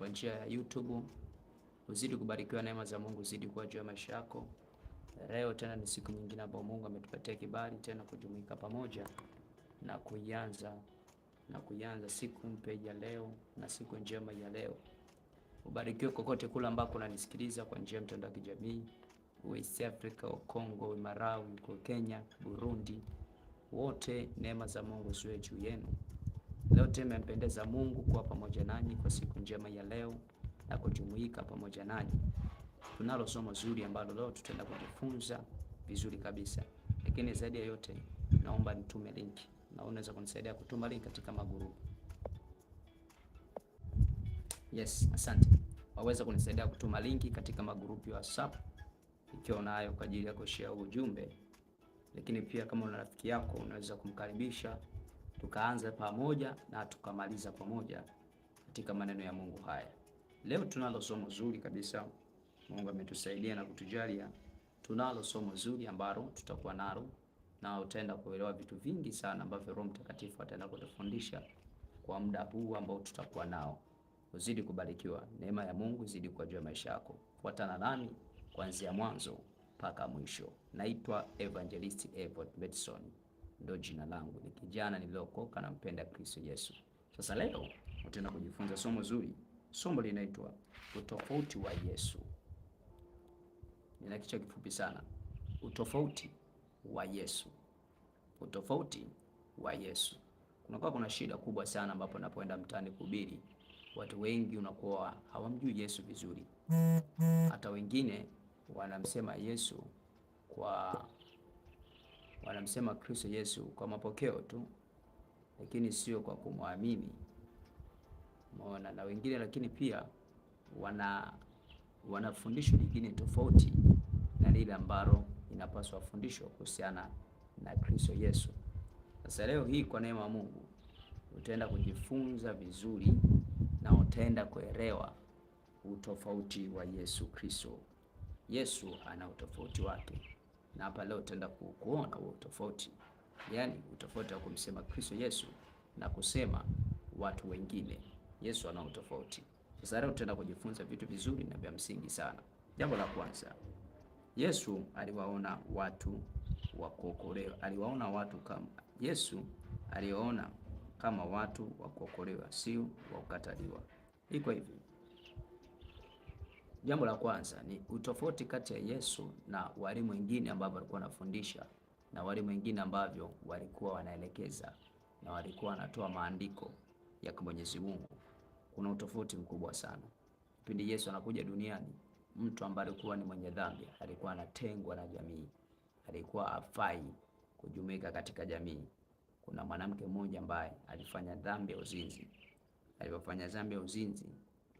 kwa njia ya YouTube. Uzidi kubarikiwa, neema za Mungu zidi kuwa juu ya maisha yako. Leo tena ni siku nyingine ambayo Mungu ametupatia kibali tena kujumuika pamoja na kuianza na kuianza siku mpya ya leo na siku njema ya leo. Ubarikiwe kokote kule ambako unanisikiliza kwa njia ya mtandao wa kijamii, West Africa, Kongo, uwe Malawi, Kenya, Burundi, wote neema za Mungu ziwe juu yenu. Yote imempendeza Mungu kuwa pamoja nanyi kwa siku njema ya leo na kujumuika pamoja nanyi. Tunalo somo zuri ambalo leo tutaenda kujifunza vizuri kabisa, lakini zaidi ya yote naomba nitume link na unaweza kunisaidia kutuma link katika magrupu. Yes, asante. Waweza kunisaidia kutuma link katika magrupu ya WhatsApp ikiwa unayo kwa ajili ya kushare ujumbe, lakini pia kama una rafiki yako unaweza kumkaribisha tukaanza pamoja na tukamaliza pamoja katika maneno ya Mungu haya. Leo tunalo somo zuri kabisa. Mungu ametusaidia na kutujalia, tunalo somo zuri ambalo tutakuwa nalo na utaenda kuelewa vitu vingi sana ambavyo Roho Mtakatifu ataenda kutufundisha kwa muda huu ambao tutakuwa nao. Uzidi kubarikiwa, neema ya Mungu izidi kwa juu maisha yako. Fuatana nami kuanzia mwanzo mpaka mwisho. Naitwa Evangelist Edward Medson ndio jina langu, ni kijana niliokoka, nampenda Kristo Yesu. Sasa leo utaenda kujifunza somo zuri, somo linaitwa utofauti wa Yesu. Nina kichwa kifupi sana, utofauti wa Yesu. Utofauti wa Yesu. Kunakuwa kuna shida kubwa sana ambapo napoenda mtaani kuhubiri, watu wengi unakuwa hawamjui Yesu vizuri, hata wengine wanamsema Yesu kwa wanamsema Kristo Yesu kwa mapokeo tu, lakini sio kwa kumwamini. Umeona? Na wengine lakini pia wana wanafundisho lingine tofauti na lile ambalo inapaswa wafundishwa kuhusiana na Kristo Yesu. Sasa leo hii kwa neema ya Mungu utaenda kujifunza vizuri na utaenda kuelewa utofauti wa Yesu Kristo. Yesu ana utofauti wake na hapa leo tutaenda kuona huo tofauti, yaani utofauti wa kumsema Kristo Yesu na kusema watu wengine. Yesu ana utofauti. Sasa leo tutaenda kujifunza vitu vizuri na vya msingi sana. Jambo la kwanza, Yesu aliwaona watu wa kuokolewa, aliwaona watu kama Yesu aliwaona kama watu wa kuokolewa, sio wa kukataliwa. Iko hivi, Jambo la kwanza ni utofauti kati ya Yesu na walimu wengine ambao walikuwa wanafundisha na walimu wengine ambavyo walikuwa wanaelekeza na walikuwa wanatoa maandiko ya Mwenyezi Mungu. Kuna utofauti mkubwa sana. Kipindi Yesu anakuja duniani, mtu ambaye alikuwa ni mwenye dhambi alikuwa anatengwa na jamii, alikuwa afai kujumuika katika jamii. Kuna mwanamke mmoja ambaye alifanya dhambi ya uzinzi. Alipofanya dhambi ya uzinzi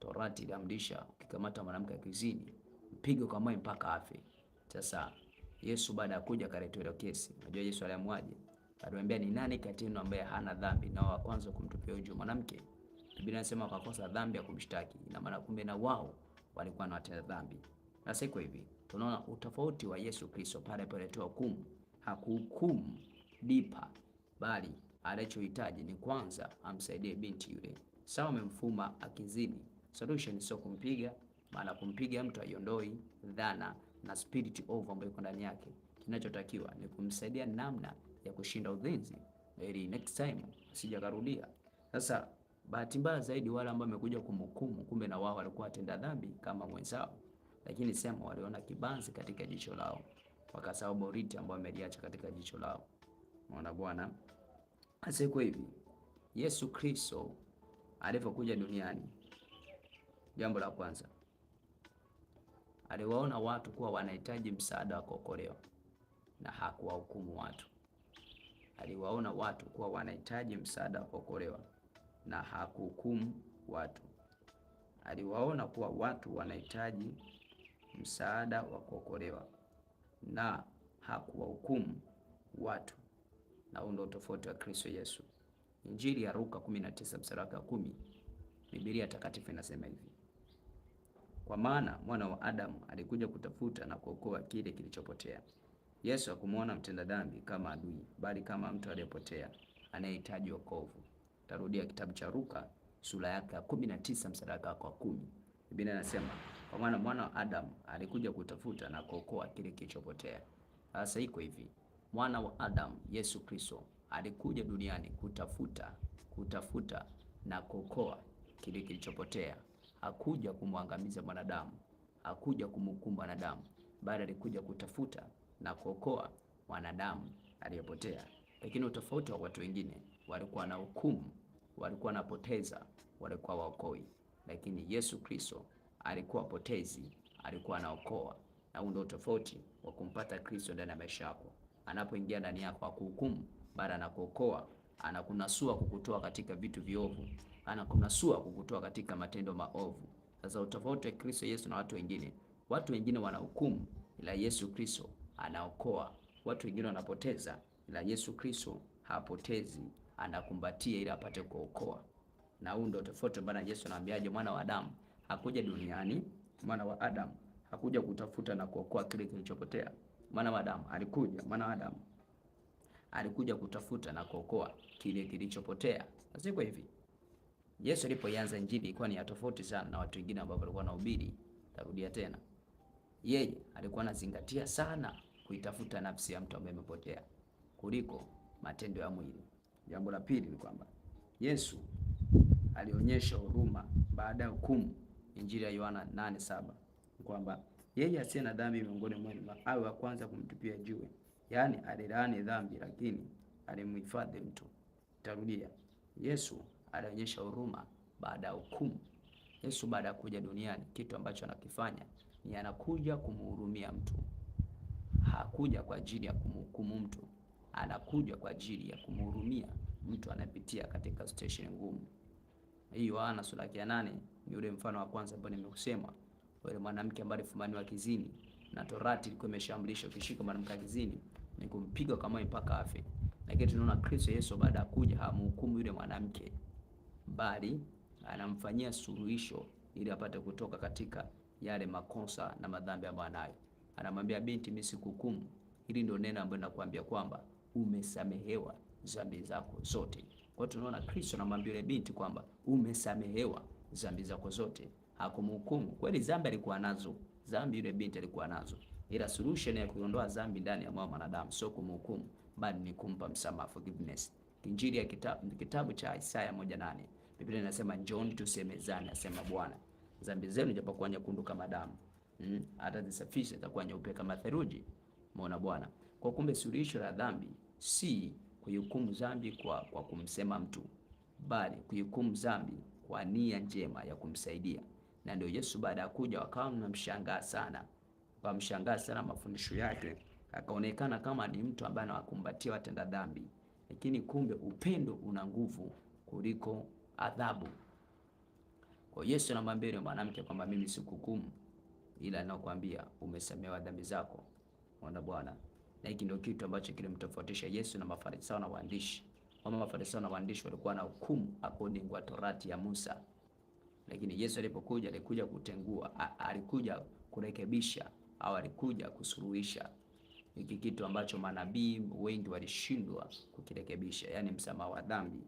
Torati ilamrisha ukikamata mwanamke akizini mpige kwa mawe mpaka afe. Sasa Yesu baada ya kuja akaletwa ile kesi. Unajua Yesu aliamwaje? Aliwaambia ni nani kati yenu ambaye hana dhambi na wa kwanza kumtupia huyo mwanamke. Biblia inasema akakosa dhambi ya kumshtaki. Ina maana kumbe na wao walikuwa na watenda dhambi. Na siku hivi. Tunaona utofauti wa Yesu Kristo pale pale alipoletewa hukumu, hakuhukumu lipa, bali alichohitaji ni kwanza amsaidie binti yule. Sawa, amemfuma akizini Solution sio kumpiga, maana kumpiga mtu aiondoi dhana na spirit ovu ambayo iko ndani yake. Kinachotakiwa ni kumsaidia namna ya kushinda uzinzi ili next time usije karudia. Sasa bahati mbaya zaidi wale ambao wamekuja kumhukumu, kumbe na wao walikuwa watenda dhambi kama mwenzao, lakini sema waliona kibanzi katika jicho lao, wakasahau boriti ambayo wameliacha katika jicho lao. Unaona bwana, asiko hivi Yesu Kristo alivyokuja duniani Jambo la kwanza, aliwaona watu kuwa wanahitaji msaada wa kuokolewa na hakuwahukumu watu. Aliwaona watu kuwa wanahitaji msaada wa kuokolewa na hakuhukumu watu. Aliwaona kuwa watu wanahitaji msaada wa kuokolewa na hakuwahukumu watu. Na huu ndio tofauti wa Kristo Yesu. Injili ya Luka 19 mstari wa 10, Biblia takatifu inasema hivi: kwa maana mwana wa Adamu alikuja kutafuta na kuokoa kile kilichopotea. Yesu hakumwona mtenda dhambi kama adui, bali kama mtu aliyepotea anayehitaji wokovu. Tarudia kitabu cha Luka sura yake ya 19 mstari wake wa 10. Biblia inasema kwa maana mwana wa Adamu alikuja kutafuta na kuokoa kile kilichopotea. Sasa iko hivi, mwana wa Adamu Yesu Kristo alikuja duniani kutafuta, kutafuta na kuokoa kile kilichopotea hakuja kumwangamiza mwanadamu, hakuja kumhukumu mwanadamu, bali alikuja kutafuta na kuokoa mwanadamu aliyepotea. Lakini utofauti wa watu wengine, walikuwa na hukumu, walikuwa wanapoteza, walikuwa waokoi, lakini Yesu Kristo alikuwa potezi, alikuwa anaokoa. Na huo ndio tofauti wa kumpata Kristo ndani ya maisha yako. Anapoingia ndani yako, hakuhukumu, bali anakuokoa, anakunasua, kukutoa katika vitu viovu anakunasua kukutoa katika matendo maovu. Sasa utofauti wa Kristo Yesu na watu wengine, watu wengine wanahukumu, ila Yesu Kristo anaokoa. Watu wengine wanapoteza, ila Yesu Kristo hapotezi, anakumbatia ili apate kuokoa. Na huu ndio tofauti. Bwana Yesu anamwambiaje Mwana wa Adamu hakuja duniani, mwana wa Adamu hakuja kutafuta na kuokoa kile kilichopotea. Mwana wa Adamu alikuja, mwana wa Adamu alikuja kutafuta na kuokoa kile kilichopotea. Nasiko hivi Yesu alipoianza injili ilikuwa ni tofauti sana na watu wengine ambao walikuwa wanahubiri. Tarudia tena, yeye alikuwa anazingatia sana kuitafuta nafsi ya mtu ambaye amepotea kuliko matendo ya mwili. Jambo la pili ni kwamba Yesu alionyesha huruma baada ya hukumu. Injili ya Yohana 8:7 kwamba yeye asiye na dhambi miongoni mwenu awe wa kwanza kumtupia jiwe, yaani alilaani dhambi, lakini alimhifadhi mtu. Tarudia, Yesu anaonyesha huruma baada ya hukumu. Yesu baada ya kuja duniani, kitu ambacho anakifanya ni anakuja kumhurumia mtu. Hakuja kwa ajili ya kumhukumu mtu, anakuja kwa ajili ya kumhurumia mtu anapitia katika station ngumu hii. Yohana sura ya nane ni ule mfano wa kwanza ambao nimekusema, yule mwanamke ambaye alifumaniwa kizini na torati ilikuwa imeshamlisha ukishika mwanamke kizini ni kumpiga kama mpaka afe, lakini tunaona Kristo Yesu baada ya kuja hamhukumu yule mwanamke bali anamfanyia suluhisho ili apate kutoka katika yale makosa na madhambi ambayo anayo. Anamwambia binti, mimi sikuhukumu. Hili ndio neno ambalo nakwambia kwamba umesamehewa dhambi zako zote. Kwa hiyo tunaona Kristo anamwambia ile binti kwamba umesamehewa dhambi zako zote, hakumhukumu. Kweli dhambi alikuwa nazo, dhambi yule binti alikuwa nazo, ila solution ya kuondoa dhambi ndani ya mwanadamu sio kumhukumu, bali ni kumpa msamaha, forgiveness. Injili ya kitabu, kitabu cha Isaya moja nane Biblia inasema njoni tusemezane, asema Bwana, dhambi zenu japokuwa nyekundu kama damu hmm, hata atazisafisha zitakuwa nyeupe kama theluji. Muona Bwana. Kwa kumbe suluhisho la dhambi si kuihukumu dhambi kwa, kwa kumsema mtu, bali kuihukumu dhambi kwa nia njema ya kumsaidia. Na ndio Yesu baada ya kuja wakawa mnamshangaa sana, wakamshangaa sana mafundisho yake, akaonekana kama ni mtu ambaye anawakumbatia watenda dhambi, lakini kumbe upendo una nguvu kuliko adhabu. Kwa Yesu anamwambia yule mwanamke kwamba mimi sikuhukumu, ila nakwambia umesamewa dhambi zako. Mwana Bwana, na hiki ndio kitu ambacho kilimtofautisha Yesu na Mafarisayo na waandishi. Kama Mafarisayo na waandishi walikuwa na hukumu according kwa torati ya Musa, lakini Yesu alipokuja alikuja kutengua, alikuja kurekebisha au alikuja kusuluhisha hiki kitu ambacho manabii wengi walishindwa kukirekebisha, yaani msamaha wa dhambi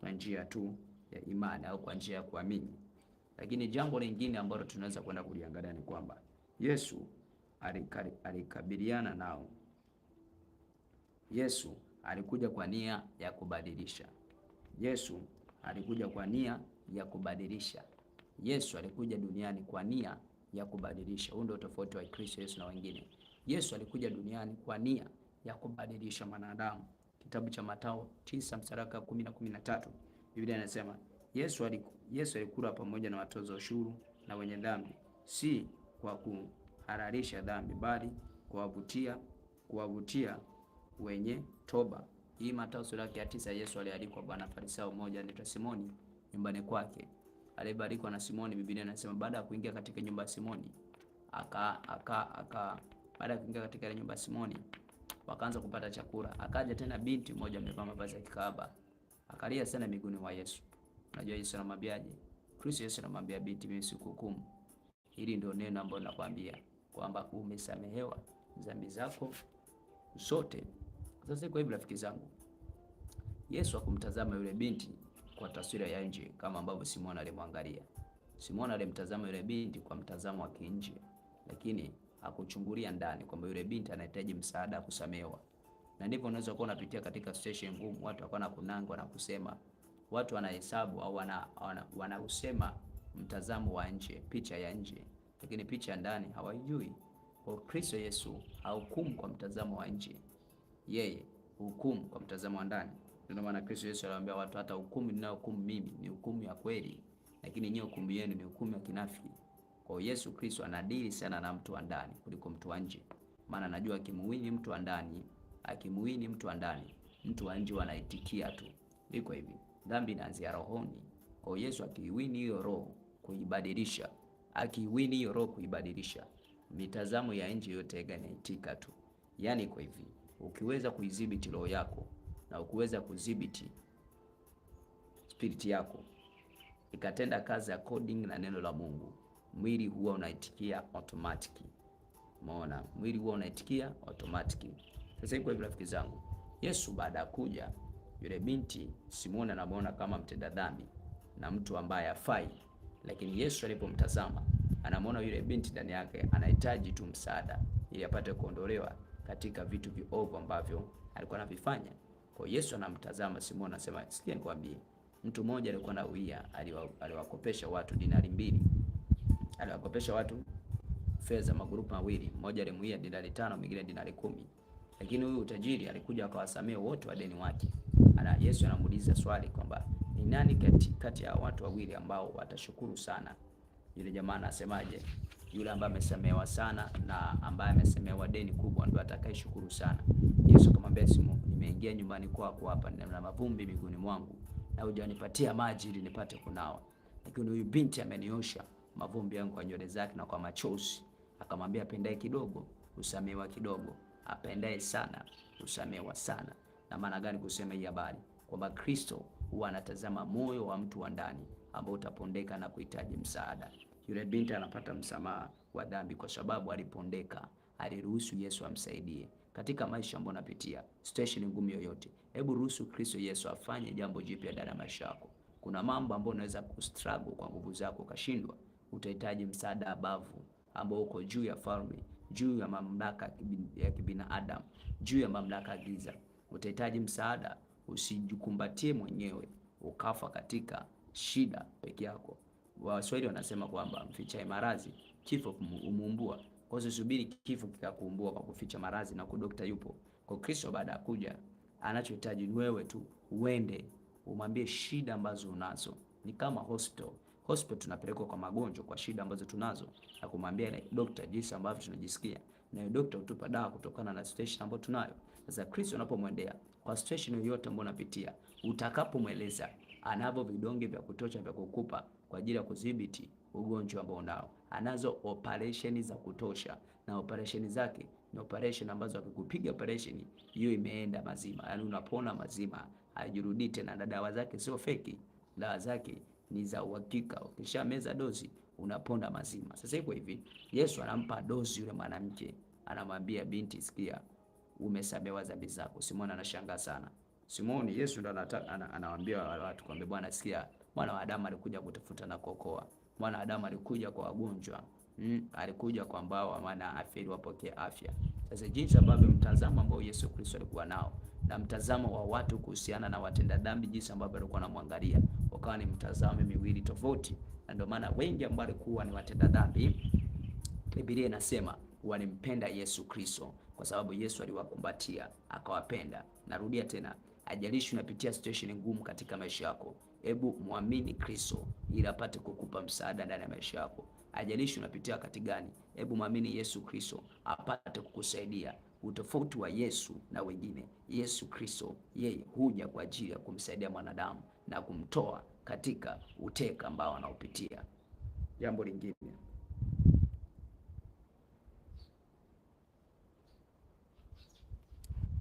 kwa njia tu ya imani au kwa njia ya kuamini. Lakini jambo lingine ambalo tunaweza kwenda kuliangalia ni kwamba Yesu alikabiliana nao. Yesu alikuja kwa nia ya kubadilisha. Yesu alikuja kwa nia ya kubadilisha. Yesu alikuja duniani kwa nia ya kubadilisha. Huu ndio tofauti wa Kristo Yesu na wengine. Yesu alikuja duniani kwa nia ya kubadilisha mwanadamu. Kitabu cha Mathayo 9 mstari wa na Biblia inasema Yesu aliku, Yesu alikula pamoja na watoza ushuru na wenye dhambi, si kwa kuhararisha dhambi, bali kuwavutia kuwavutia wenye toba. Hii Mathayo sura ya tisa. Yesu alialikwa bwana Farisayo mmoja anaitwa Simoni nyumbani kwake, alibarikwa na Simoni. Biblia inasema baada ya kuingia katika nyumba ya Simoni aka aka aka baada ya kuingia katika nyumba ya Simoni wakaanza kupata chakula. Akaja tena binti mmoja amevaa mavazi ya kikahaba Akalia sana miguuni wa Yesu. Unajua Yesu anamwambiaje? Kristo Yesu anamwambia binti, mimi sikuhukumu. Hili ndio neno ambalo nakwambia kwamba umesamehewa dhambi zako zote. Sasa kwa hivyo, rafiki zangu, Yesu akumtazama yule binti kwa taswira ya nje kama ambavyo Simoni alimwangalia. Simoni alimtazama yule binti kwa mtazamo wa kinje, lakini hakuchungulia ndani kwamba yule binti anahitaji msaada kusamehewa na ndipo unaweza kuwa unapitia katika situation ngumu, watu wako na kunanga na kusema, watu wanahesabu au wana, wana wana usema mtazamo wa nje, picha ya nje, lakini picha ndani hawajui. Kwa Kristo Yesu hahukumu kwa mtazamo wa nje, yeye hukumu kwa mtazamo wa ndani. Ndio maana Kristo Yesu aliwaambia watu, hata hukumu ninayohukumu mimi ni hukumu ya kweli, lakini nyiwe hukumu yenu ni hukumu ya kinafiki. Kwa Yesu Kristo anadili sana na mtu wa ndani kuliko mtu wa nje, maana anajua kimwili mtu wa ndani Akimuini mtu wa ndani, mtu wa nje wanaitikia tu. Iko hivi, dhambi inaanzia rohoni. Kwa Yesu akiwini hiyo roho kuibadilisha, akiwini hiyo roho kuibadilisha, mitazamo ya nje yote inaitika tu. Yaani kwa hivi, ukiweza kuidhibiti roho yako na ukiweza kudhibiti spiriti yako ikatenda kazi according na neno la Mungu, mwili huwa unaitikia automatic. Umeona, mwili huwa unaitikia automatic. Sasa hivi kwa hivi, rafiki zangu, Yesu baada ya kuja, yule binti Simoni anamwona kama mtenda dhambi na mtu ambaye hafai, lakini Yesu alipomtazama anamwona yule binti ndani yake anahitaji tu msaada ili apate kuondolewa katika vitu viovu ambavyo alikuwa anavifanya. Kwa Yesu anamtazama Simoni, anasema sikia, nikwambie, mtu mmoja alikuwa na uia, aliwakopesha aliwa watu dinari mbili, aliwakopesha watu fedha, magrupu mawili, mmoja alimuia dinari tano, mwingine dinari kumi. Lakini huyu utajiri alikuja akawasamea wote wadeni wake. Ana Yesu anamuuliza swali kwamba ni nani kati, kati ya watu wawili ambao watashukuru sana? Yule jamaa anasemaje? Yule ambaye amesamewa sana na ambaye amesamewa deni kubwa ndio atakayeshukuru sana. Yesu akamwambia Simoni, nimeingia nyumbani kwako hapa na mavumbi miguuni mwangu na hujanipatia maji ili nipate kunawa. Lakini huyu binti ameniosha mavumbi yangu kwa nywele zake na kwa machozi. Akamwambia pendae kidogo, usamewa kidogo apendaye sana kusamewa sana. Na maana gani kusema hii habari? Kwamba Kristo huwa anatazama moyo wa mtu wa ndani ambao utapondeka na kuhitaji msaada. Yule binti anapata msamaha wa dhambi kwa sababu alipondeka, aliruhusu Yesu amsaidie. Katika maisha ambayo unapitia station ngumu yoyote, hebu ruhusu Kristo Yesu afanye jambo jipya ndani ya maisha yako. Kuna mambo ambayo unaweza kustruggle kwa nguvu zako ukashindwa, utahitaji msaada abavu ambao uko juu ya falme juu ya mamlaka ya kibinadamu, juu ya mamlaka ya giza. Utahitaji msaada, usijikumbatie mwenyewe ukafa katika shida peke yako. Waswahili wanasema kwamba mfichae maradhi kifo humuumbua. Kwa hiyo subiri kifo kikakuumbua kwa kuficha maradhi na kudokta yupo. Kwa Kristo baada ya kuja, anachohitaji wewe tu uende umwambie shida ambazo unazo, ni kama hospital hospital tunapelekwa kwa magonjwa, kwa shida ambazo tunazo na kumwambia like, dokta jinsi ambavyo tunajisikia, na dokta hutupa dawa kutokana na situation ambayo tunayo. Sasa Kristo unapomwendea kwa situation yoyote ambayo unapitia, utakapomweleza anavyo vidonge vya kutosha vya kukupa kwa ajili ya kudhibiti ugonjwa ambao unao. Anazo operation za kutosha, na operation zake ni operation ambazo akikupiga operation hiyo imeenda mazima, yaani unapona mazima, hajirudii tena, na dawa zake sio feki, dawa zake ni za uhakika. Ukisha meza dozi unaponda mazima. Sasa iko hivi, Yesu anampa dozi yule mwanamke, anamwambia binti, sikia, umesamewa dhambi zako. Simoni anashangaa sana. Simoni, Yesu ndo anawaambia watu kwamba, bwana, sikia, mwana wa Adamu alikuja kutafuta na kuokoa. Mwana wa Adamu alikuja kwa wagonjwa mm, alikuja kwa ambao wana afya ili wapokee afya. Sasa jinsi ambavyo mtazamo ambao Yesu Kristo alikuwa nao na mtazamo wa watu kuhusiana na watenda dhambi, jinsi ambavyo alikuwa anamwangalia wakawa ni mtazame miwili tofauti, na ndio maana wengi ambao walikuwa ni watenda dhambi, Biblia inasema walimpenda Yesu Kristo kwa sababu Yesu aliwakumbatia akawapenda. Narudia tena, ajalishi unapitia situation ngumu katika maisha yako, hebu muamini Kristo ili apate kukupa msaada ndani ya maisha yako. Ajalishi unapitia wakati gani, hebu muamini Yesu Kristo apate kukusaidia. Utofauti wa Yesu na wengine, Yesu Kristo yeye huja kwa ajili ya kumsaidia mwanadamu na kumtoa katika uteka ambao wanaopitia Jambo lingine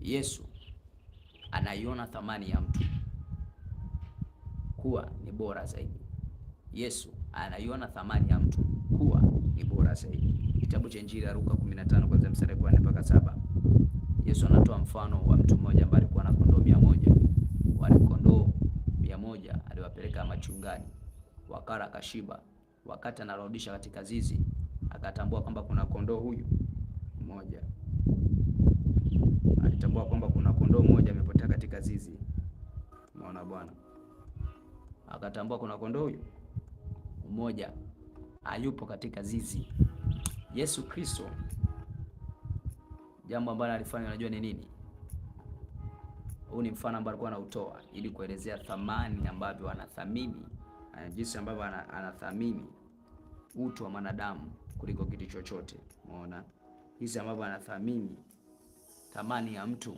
Yesu anaiona thamani ya mtu kuwa ni bora zaidi. Yesu anaiona thamani ya mtu kuwa ni bora zaidi. Kitabu cha Injili ya Luka 15 kuanzia mstari wa 4 mpaka 7. Yesu anatoa mfano wa mtu mmoja ambaye alikuwa na kondoo 100. Wale kondoo mmoja aliwapeleka machungani, wakara akashiba. Wakati anarudisha katika zizi, akatambua kwamba kuna kondoo huyu mmoja, alitambua kwamba kuna kondoo mmoja amepotea katika zizi. Umeona bwana, akatambua kuna kondoo huyu mmoja hayupo katika zizi. Yesu Kristo jambo ambalo alifanya, unajua ni nini? Huu ni mfano ambao alikuwa anautoa ili kuelezea thamani ambavyo anathamini eh, jinsi ambavyo anathamini utu wa mwanadamu kuliko kitu chochote. Umeona jinsi ambavyo anathamini thamani ya mtu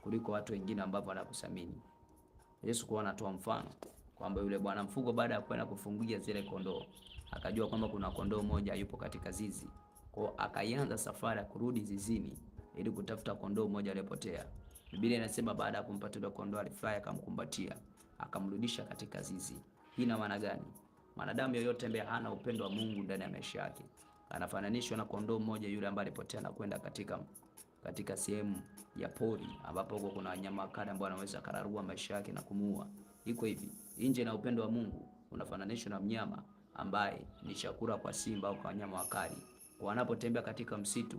kuliko watu wengine ambao anakuthamini. Yesu kwa anatoa mfano kwamba yule bwana mfugo baada ya kwenda kufungia zile kondoo akajua kwamba kuna kondoo moja yupo katika zizi, kwao akaianza safari ya kurudi zizini ili kutafuta kondoo moja aliyepotea. Biblia inasema baada ya kumpa tunda kondoo alifurahi, akamkumbatia, akamrudisha katika zizi. Hii ina maana gani? Mwanadamu yoyote ambaye hana upendo wa Mungu ndani ya maisha yake anafananishwa na kondoo mmoja yule ambaye alipotea na kwenda katika katika sehemu ya pori ambapo huko kuna wanyama wakali ambao wanaweza kararua maisha yake na kumuua. Iko hivi, nje na upendo wa Mungu unafananishwa na mnyama ambaye ni chakula kwa simba au kwa wanyama wakali Kwa anapotembea katika msitu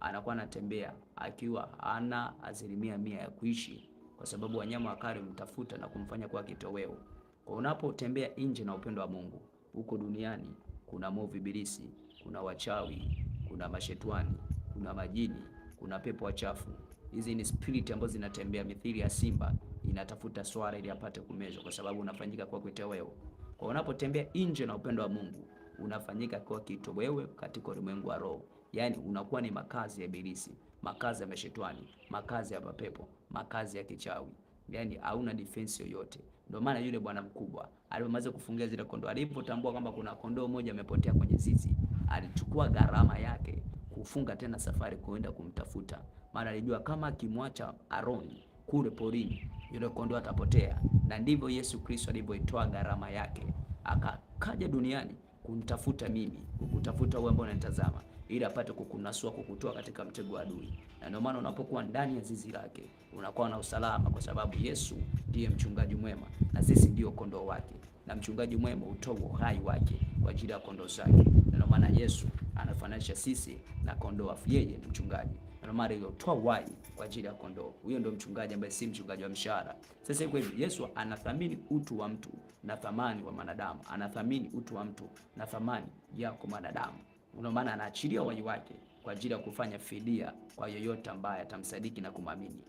anakuwa anatembea akiwa ana asilimia mia ya kuishi, kwa sababu wanyama wakali mtafuta na kumfanya kuwa kitoweo. Kwa unapotembea nje na upendo wa Mungu, huko duniani kuna movi bilisi, kuna wachawi, kuna mashetwani, kuna majini, kuna pepo wachafu. Hizi ni spirit ambazo zinatembea mithili ya simba, inatafuta swala ili apate kumezwa, kwa sababu unafanyika kwa kitoweo. Kwa unapotembea nje na upendo wa Mungu, unafanyika kwa kitoweo katika ulimwengu wa roho yani unakuwa ni makazi ya ibilisi, makazi ya mashetani, makazi ya mapepo, makazi ya kichawi, yani hauna defense yoyote. Ndio maana yule bwana mkubwa alipomaliza kufungia zile kondoo, alipotambua kwamba kuna kondoo moja amepotea kwenye zizi, alichukua gharama yake kufunga tena safari kuenda kumtafuta, maana alijua kama akimwacha Aaron kule porini yule kondoo atapotea. Na ndivyo Yesu Kristo alivyoitoa gharama yake, akakaja duniani kumtafuta mimi, kukutafuta wewe ambao unanitazama ili apate kukunasua, kukutoa katika mtego wa adui. Na ndio maana unapokuwa ndani ya zizi lake unakuwa na usalama, kwa sababu Yesu ndiye mchungaji mwema na sisi ndio kondoo wake, na mchungaji mwema hutoa uhai wake kwa ajili ya kondoo zake. Na Ndio maana Yesu anafananisha sisi na kondoo, yeye ni mchungaji mara iliyotoa uhai kwa ajili ya kondoo. Huyo ndio mchungaji ambaye si mchungaji wa mshahara. Sasa hivi, Yesu anathamini utu wa mtu na thamani wa mwanadamu, anathamini utu wa mtu na thamani yako mwanadamu. Ndio maana anaachilia waji wake kwa ajili ya kufanya fidia kwa yoyote ambaye atamsadiki na kumwamini.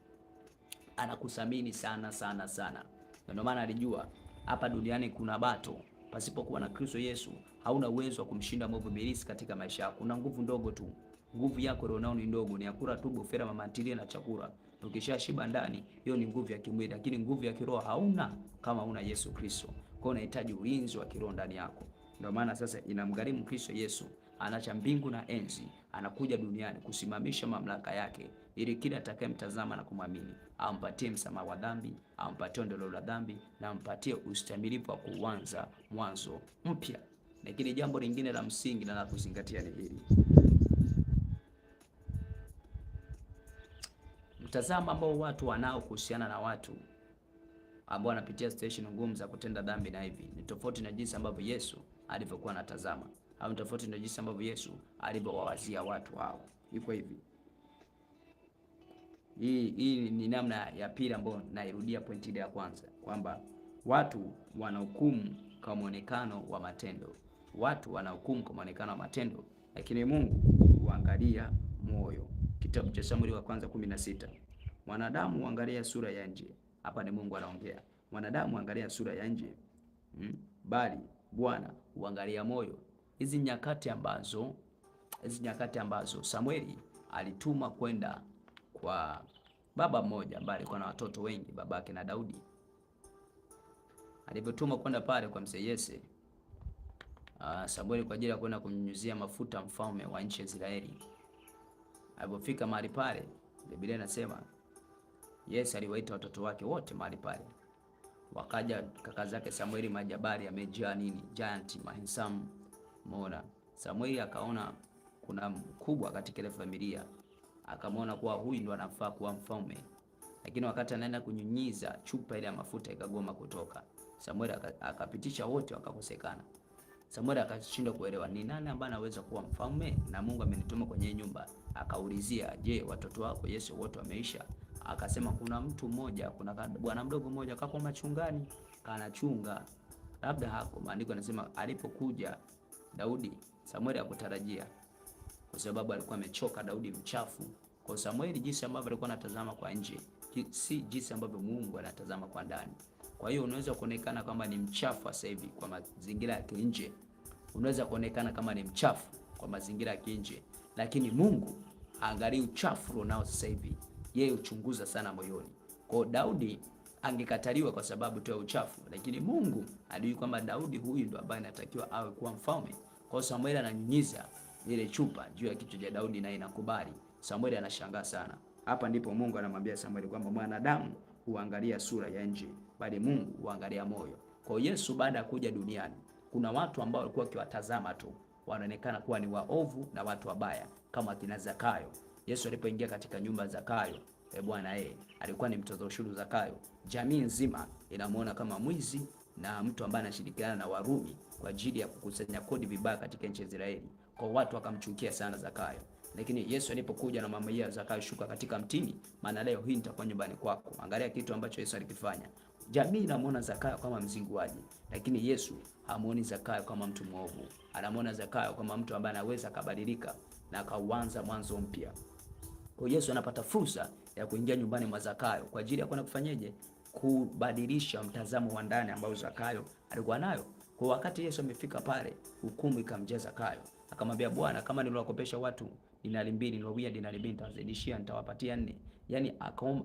Anakuthamini sana sana sana, ndio maana alijua hapa duniani kuna bato pasipokuwa na Kristo Yesu hauna uwezo wa kumshinda mwovu ibilisi katika maisha yako. Una nguvu ndogo tu, nguvu yako roho ni ndogo, ni akura tu gofera mama ntilie na chakula. shiba ndani, hiyo ni nguvu ya kimwili, lakini nguvu ya kiroho hauna kama una Yesu Kristo. Kwa hiyo unahitaji ulinzi wa kiroho ndani yako. Ndio maana sasa inamgharimu Kristo Yesu anacha mbingu na enzi, anakuja duniani kusimamisha mamlaka yake, ili kila atakayemtazama na kumwamini ampatie msamaha wa dhambi, ampatie ondoleo la dhambi na ampatie ustamilifu wa kuanza mwanzo mpya. Lakini jambo lingine la msingi na la kuzingatia ni hili, mtazamo ambao watu wanao kuhusiana na watu ambao wanapitia station ngumu za kutenda dhambi na hivi ni tofauti na jinsi ambavyo Yesu alivyokuwa anatazama au tofauti ndio jinsi ambavyo Yesu alivyowawazia watu hao. Iko hivi. Hii hii ni namna ya pili ambayo nairudia pointi ile ya kwanza kwamba watu wanahukumu kwa mwonekano wa matendo. Watu wanahukumu kwa mwonekano wa matendo, lakini Mungu huangalia moyo. Kitabu cha Samweli wa kwanza 16. Mwanadamu huangalia sura ya nje. Hapa ni Mungu anaongea. Mwanadamu huangalia sura ya nje. Hmm? Bali Bwana huangalia moyo hizi nyakati ambazo hizi nyakati ambazo Samueli alituma kwenda kwa baba mmoja ambaye alikuwa na watoto wengi, babake na Daudi. Alivyotuma kwenda pale kwa mzee Yese uh, Samueli kwa ajili ya kwenda kumnyunyizia mafuta mfalme wa nchi ya Israeli. Alipofika mahali pale, Biblia inasema Yese aliwaita watoto wake wote mahali pale, wakaja kaka zake Samueli, majabari amejaa nini, giant mahensamu Umeona, Samueli akaona kuna mkubwa katika ile familia, akamwona kuwa huyu ndo anafaa kuwa mfalme, lakini wakati anaenda kunyunyiza chupa ile ya mafuta ikagoma kutoka. Samueli akapitisha wote, wakakosekana. Samueli akashindwa kuelewa ni nani ambaye anaweza kuwa mfalme na Mungu amenituma kwenye nyumba. Akaulizia, je, watoto wako Yese wote wameisha? Akasema kuna mtu mmoja, kuna bwana mdogo mmoja, kako machungani kanachunga labda hako. Maandiko yanasema alipokuja Daudi, Samueli hakutarajia kwa sababu alikuwa amechoka Daudi mchafu. Kwa Samueli, jinsi ambavyo alikuwa anatazama kwa nje, si jinsi ambavyo Mungu anatazama kwa ndani. Kwa hiyo unaweza kuonekana kama ni mchafu sasa hivi kwa mazingira ya nje, unaweza kuonekana kama ni mchafu kwa mazingira ya nje, lakini Mungu angalia uchafu unao sasa hivi, yeye uchunguza sana moyoni. Kwa Daudi angekataliwa kwa sababu tu ya uchafu, lakini Mungu alijua kwamba Daudi huyu ndo ambaye anatakiwa awe kuwa mfalme. Kwa hiyo Samueli ananyunyiza ile chupa juu ya kichwa cha Daudi na inakubali. Samueli anashangaa sana. Hapa ndipo Mungu anamwambia Samueli kwamba mwanadamu huangalia sura ya nje, bali Mungu huangalia moyo. Kwa Yesu baada ya kuja duniani, kuna watu ambao walikuwa wakiwatazama tu, wanaonekana kuwa ni waovu na watu wabaya, kama kina Zakayo. Yesu alipoingia katika nyumba za Zakayo, e bwana e, alikuwa ni mtoza ushuru Zakayo. Jamii nzima inamuona kama mwizi na mtu ambaye anashirikiana na Warumi kwa ajili ya kukusanya kodi vibaya katika nchi ya Israeli, kwa watu wakamchukia sana Zakayo. Lakini Yesu alipokuja na mama yake Zakayo, shuka katika mtini, maana leo hii nitakuwa nyumbani kwako. Angalia kitu ambacho Yesu alikifanya. Jamii inamwona Zakayo kama mzinguaji, lakini Yesu hamuoni Zakayo kama mtu mwovu. Anamwona Zakayo kama mtu ambaye anaweza akabadilika na akauanza mwanzo mpya. Kwa Yesu anapata fursa ya kuingia nyumbani mwa Zakayo kwa ajili ya kwenda kufanyeje? Kubadilisha mtazamo wa ndani ambao Zakayo alikuwa nayo. Kwa wakati Yesu amefika pale, hukumu ikamjaza Zakayo, akamwambia Bwana, kama niliwakopesha watu dinari mbili, niliwawia dinari mbili, nitawazidishia, nitawapatia nne. Yani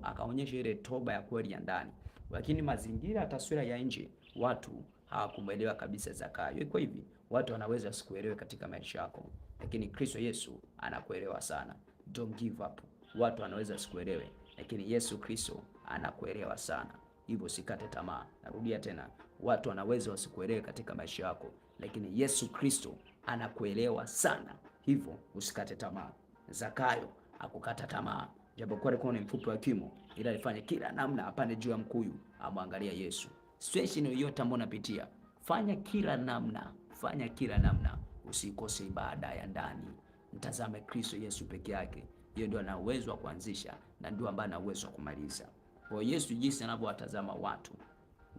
akaonyesha ile toba ya kweli ya ndani, lakini mazingira, taswira ya nje, watu hawakumwelewa kabisa Zakayo. Iko hivi, watu wanaweza wasikuelewe katika maisha yako, lakini Kristo Yesu anakuelewa sana. Don't give up. Watu wanaweza wasikuelewe, lakini Yesu Kristo anakuelewa sana, hivyo sikate tamaa. Narudia tena, watu wanaweza wasikuelewe katika maisha yako, lakini Yesu Kristo anakuelewa sana, hivyo usikate tamaa. Zakayo akukata tamaa, japokuwa alikuwa ni mfupi wa kimo, ila alifanya kila namna apande juu ya mkuyu, amwangalia Yesu. Situation yoyote ambayo unapitia, fanya kila namna, fanya kila namna, usikose ibada ya ndani. Mtazame Kristo Yesu peke yake, yeye ndio ana uwezo wa kuanzisha na ndio ambaye ana uwezo wa kumaliza. Kwa Yesu jinsi anavyowatazama watu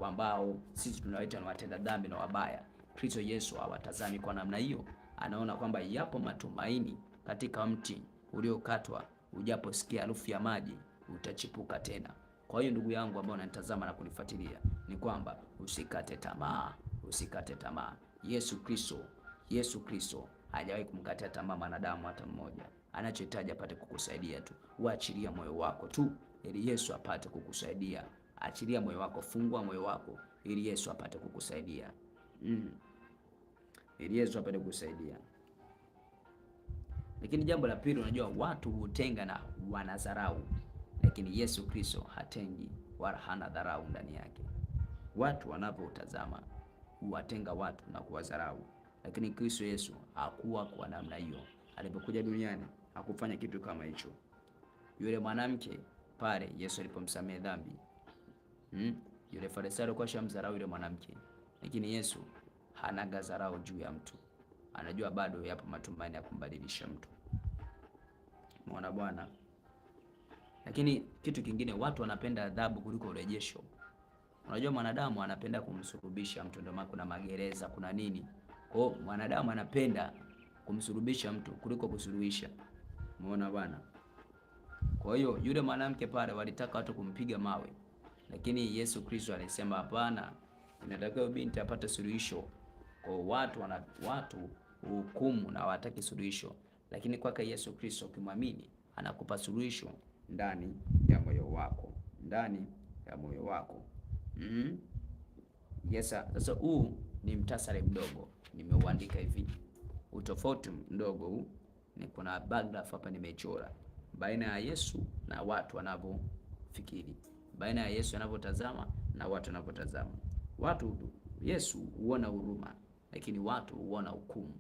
ambao sisi tunawaita ni watenda dhambi na wabaya. Kristo Yesu hawatazami kwa namna hiyo, anaona kwamba yapo matumaini katika mti uliokatwa, ujaposikia harufu ya maji utachipuka tena. Kwa hiyo ndugu yangu ambao unanitazama na kunifuatilia, ni kwamba usikate tamaa, usikate tamaa. Yesu Kristo, Yesu Kristo hajawahi kumkatia tamaa mwanadamu hata mmoja. Anachohitaji apate kukusaidia tu, waachilia moyo wako tu ili Yesu apate kukusaidia achilia moyo wako, fungua moyo wako ili Yesu apate kukusaidia mm. ili Yesu apate kukusaidia. Lakini jambo la pili, unajua watu hutenga na wanadharau, lakini Yesu Kristo hatengi wala hana dharau ndani yake. Watu wanapotazama huwatenga watu na kuwadharau, lakini Kristo Yesu hakuwa kwa namna hiyo. Alipokuja duniani hakufanya kitu kama hicho. Yule mwanamke pale Yesu alipomsamehe dhambi Hmm? Yule Farisayo alikuwa shamdharau yule mwanamke, lakini Yesu hanaga dharau juu ya mtu, anajua bado yapo matumaini ya kumbadilisha mtu. Mwana Bwana. Lakini kitu kingine, watu wanapenda adhabu kuliko urejesho. Unajua mwanadamu anapenda kumsurubisha mtu, ndio maana kuna magereza, kuna nini. Kwa hiyo mwanadamu anapenda kumsurubisha mtu kuliko kusuluhisha. Umeona Bwana. Kwa hiyo yule mwanamke pale walitaka watu kumpiga mawe lakini Yesu Kristo alisema hapana, inatakiwa binti apate suluhisho. Kwa watu wana watu hukumu na hawataki suluhisho, lakini kwake Yesu Kristo ukimwamini, anakupa suluhisho ndani ya moyo wako, ndani ya moyo wako mm. Yes, sasa huu ni mtasari mdogo nimeuandika hivi, utofauti mdogo huu ni kuna paragraph hapa nimechora baina ya Yesu na watu wanavyofikiri baina ya Yesu anavyotazama na watu wanavyotazama. Watu, Yesu huona huruma, lakini watu huona hukumu.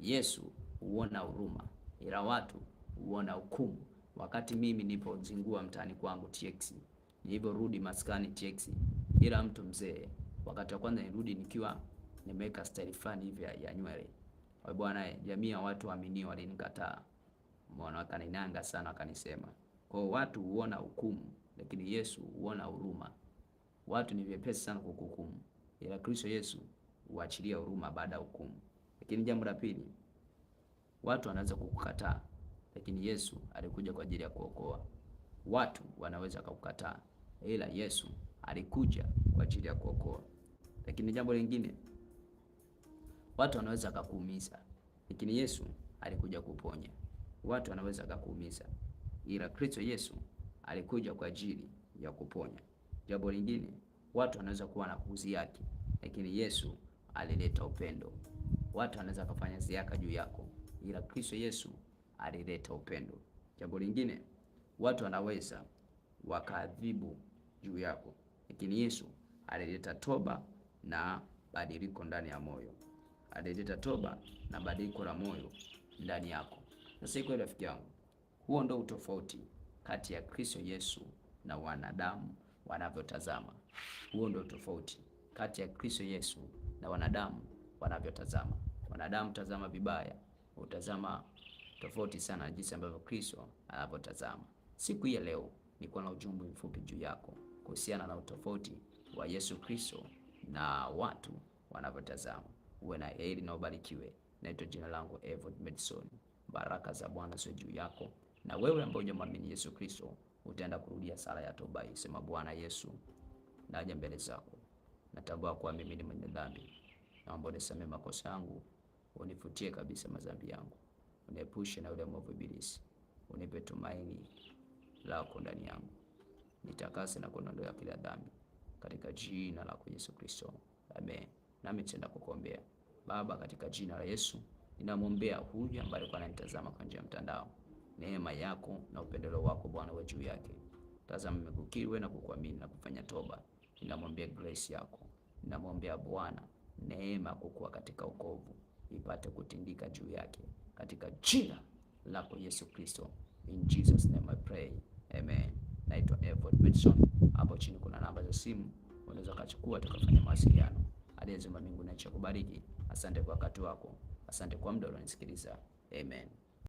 Yesu huona huruma, ila watu huona hukumu. Wakati mimi nilipozingua mtaani kwangu TX, niliporudi maskani TX, ila mtu mzee, wakati wa kwanza nirudi nikiwa nimeweka style fulani hivi ya nywele bwana, jamii ya watu waamini walinikataa, mbona wakaninanga sana, wakanisema. Kwa watu huona hukumu lakini Yesu huona huruma. Watu ni vyepesi sana kukuhukumu, ila Kristo Yesu huachilia huruma baada ya hukumu. Lakini jambo la pili, watu wanaweza kukukataa, lakini Yesu alikuja kwa ajili ya kuokoa. Watu wanaweza kukukataa, ila Yesu alikuja kwa ajili ya kuokoa. Lakini jambo lingine, watu wanaweza kukuumiza, lakini Yesu alikuja kuponya. Watu wanaweza kukuumiza, ila Kristo Yesu alikuja kwa ajili ya kuponya. Jambo lingine, watu wanaweza kuwa na kuuzi yake, lakini Yesu alileta upendo. Watu wanaweza kufanya ziaka juu yako, ila Kristo Yesu alileta upendo. Jambo lingine, watu wanaweza wakaadhibu juu yako, lakini Yesu alileta toba na badiliko ndani ya moyo, alileta toba na badiliko la moyo ndani yako. Sasa iko rafiki yangu, huo ndio utofauti kati ya Kristo Yesu na wanadamu wanavyotazama. Huo ndio tofauti kati ya Kristo Yesu na wanadamu wanavyotazama. Wanadamu tazama vibaya, utazama tofauti sana na jinsi ambavyo Kristo anavyotazama. Siku hii ya leo nilikuwa na ujumbe mfupi juu yako kuhusiana na utofauti wa Yesu Kristo na watu wanavyotazama. Uwe na heri na ubarikiwe. Naitwa jina langu Evod Medson. Baraka za Bwana ziwe juu yako na wewe ambaye hujamwamini Yesu Kristo utaenda kurudia sala ya toba hii. Sema, Bwana Yesu, naja mbele zako, natambua kuwa mimi ni mwenye dhambi, naomba unisamehe makosa yangu, unifutie kabisa madhambi yangu, uniepushe na yule mwovu Ibilisi, unipe tumaini lako ndani yangu, nitakase na kuondoa kila dhambi, katika jina lako Yesu Kristo, amen. Nami nitaenda kukuombea. Baba, katika jina la Yesu ninamwombea huyu ambaye alikuwa ananitazama kwa njia ya mtandao neema yako na upendeleo wako Bwana uwe juu yake. Tazama nimekukiwe na kukuamini na kufanya toba. Ninamwambia grace yako, ninamwambia Bwana neema kukuwa katika ukovu ipate kutindika juu yake katika jina lako Yesu Kristo. In Jesus name I pray. Amen. Naitwa Edward Benson. Hapo chini kuna namba za simu, unaweza ukachukua tukafanya mawasiliano. Aliyezima mbingu na nchi akubariki. Asante kwa wakati wako, asante kwa muda ulionisikiliza. Amen.